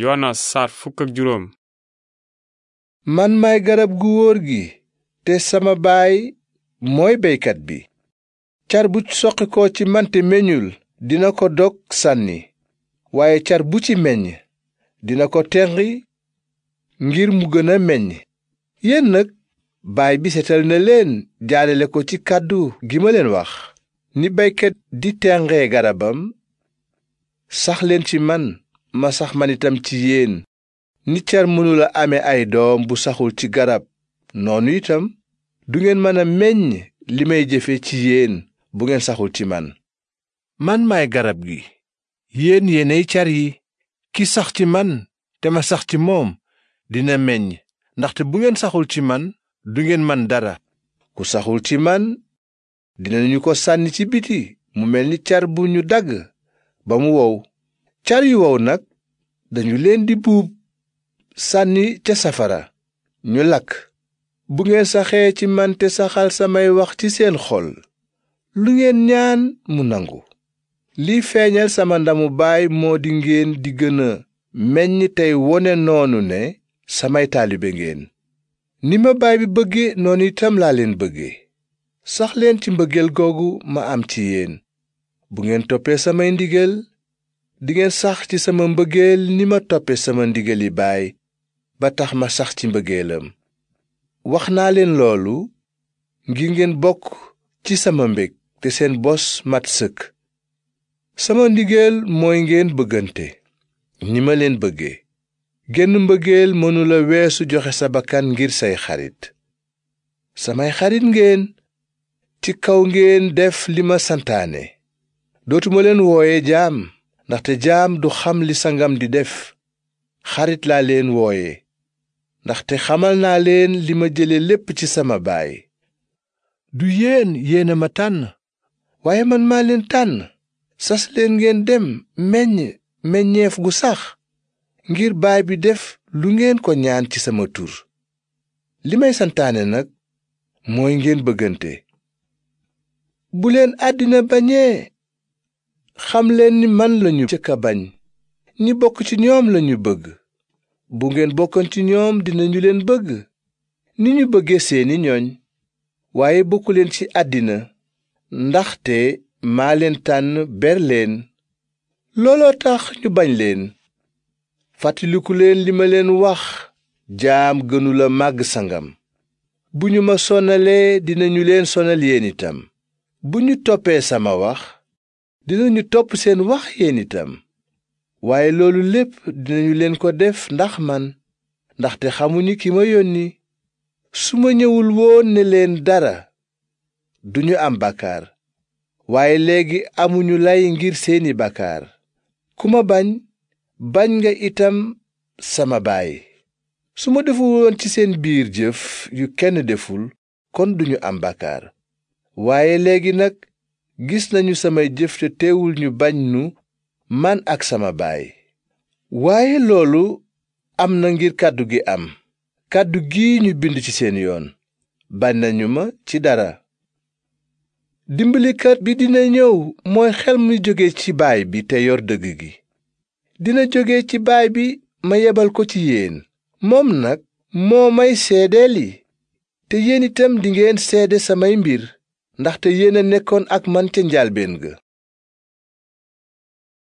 Yowaana saar fukk ak man maay garab gu wóor gi te sama baay mooy beykat bi car bu soqi ko ci man te dina ko dog sànni waaye car bu ci meññ dina ko tenqi ngir mu gën a meññ yéen nag baay bi setal na leen jaalale ko ci kàddu gi ma leen wax ni beykat di tenge garabam saxleen ci man ma sax man itam ci yéen ni cer mënula ame ay doom bu saxul ci garab noonu itam du ngeen mën a meññ li may jëfe ci yéen bu ngeen saxul ci man man maay garab gi yéen yéenay car yi ki sax ci man te ma sax ci moom dina meññ ndaxte bu ngeen saxul ci man du ngeen man dara ku saxul ci man dinañu ko sànni ci biti mu mel ni car bu ñu dagg ba mu wow car yu wow nag dañu leen di buub sànni ca safara ñu lakk bu ngeen saxee ci man te saxal samay wax ci seen xol lu ngeen ñaan mu nangu liy feeñal sama ndamu baay moo di ngeen di gën a meññ tey wone noonu ne samay taalibe ngeen ni ma baay bi bëgge noonu itam laa leen bëgge saxleen ci mbëggeel googu ma am ci yéen bu ngeen toppee samay ndigal dingeen sax ci sama mbëggeel ni ma toppe sama ndigali baay ba tax ma sax ci mbëggeelam wax naa leen loolu ngir ngeen bokk ci sama mbég te seen bos mat sëkk sama ndigeel mooy ngeen bëggante ni ma leen bëgge genn mbëggeel mënula weesu joxe sa bakkan ngir say xarit samay xarit ngeen ci kaw ngeen def li ma santaane dootuma leen wooye jaam ndaxte jaam du xam li sangam di def xarit laa leen wooye ndaxte xamal naa leen li ma jële lépp ci sama baay du yéen yéena ma tànn waaye man maa leen tànn sas leen ngeen dem meññ meññeef gu sax ngir baay bi def lu ngeen ko ñaan ci sama tur li may santaane nag mooy ngeen bëggante bu leen àddina bañee xam leen ni man lañu jëkk a bañ ñi bokk ci ñoom lañu bëgg bu ngeen bokkoon ci ñoom dinañu leen bëgg ni ñu bëggee seeni ñooñ waaye bokku leen ci àddina ndaxte maa leen tànn ber leen looloo tax ñu bañ leen fàttaliku leen li ma leen wax jaam gënula màgg sangam bu ñu ma sonalee dinañu leen sonal yéen itam bu ñu toppee sama wax dinañu topp seen wax yéen itam waaye loolu lépp dinañu leen ko def ndax man ndaxte xamuñu ki ma yónni su ma ñëwul woon ne leen dara duñu am bàkkaar waaye léegi amuñu lay ngir seeni bàkkaar ku ma bañ bañ nga itam sama baay su ma deful woon ci seen biir jëf yu kenn deful kon duñu am bàkkaar waaye léegi nag gis nañu samay jëf te teewul ñu bañ nu man ak sama baay waaye loolu am na ngir kàddu gi am kàddu gi ñu bind ci seen yoon bañ nañu ma ci dara dimbalikat bi dina ñëw mooy xel mu jóge ci baay bi te yor dëgg gi dina jóge ci baay bi ma yebal ko ci yéen moom nag moo may seedeeli te yéen itam dingeen seede samay mbir ndaxte yéen a nekkoon ak man ca njalbéen ga